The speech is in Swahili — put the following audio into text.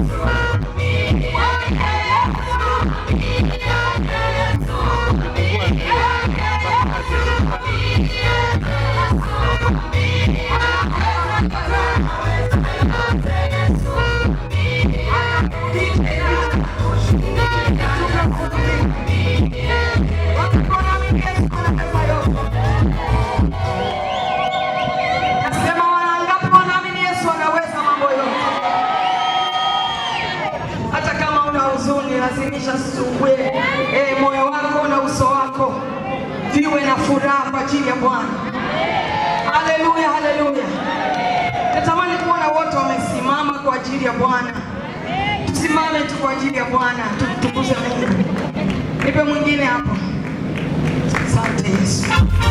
Uh. viwe na furaha kwa ajili ya Bwana. Haleluya, haleluya. Natamani kuona wote wamesimama kwa ajili ya Bwana. Tusimame tu kwa ajili ya Bwana, tumtukuze Mungu. Nipe mwingine hapo. Asante Yesu.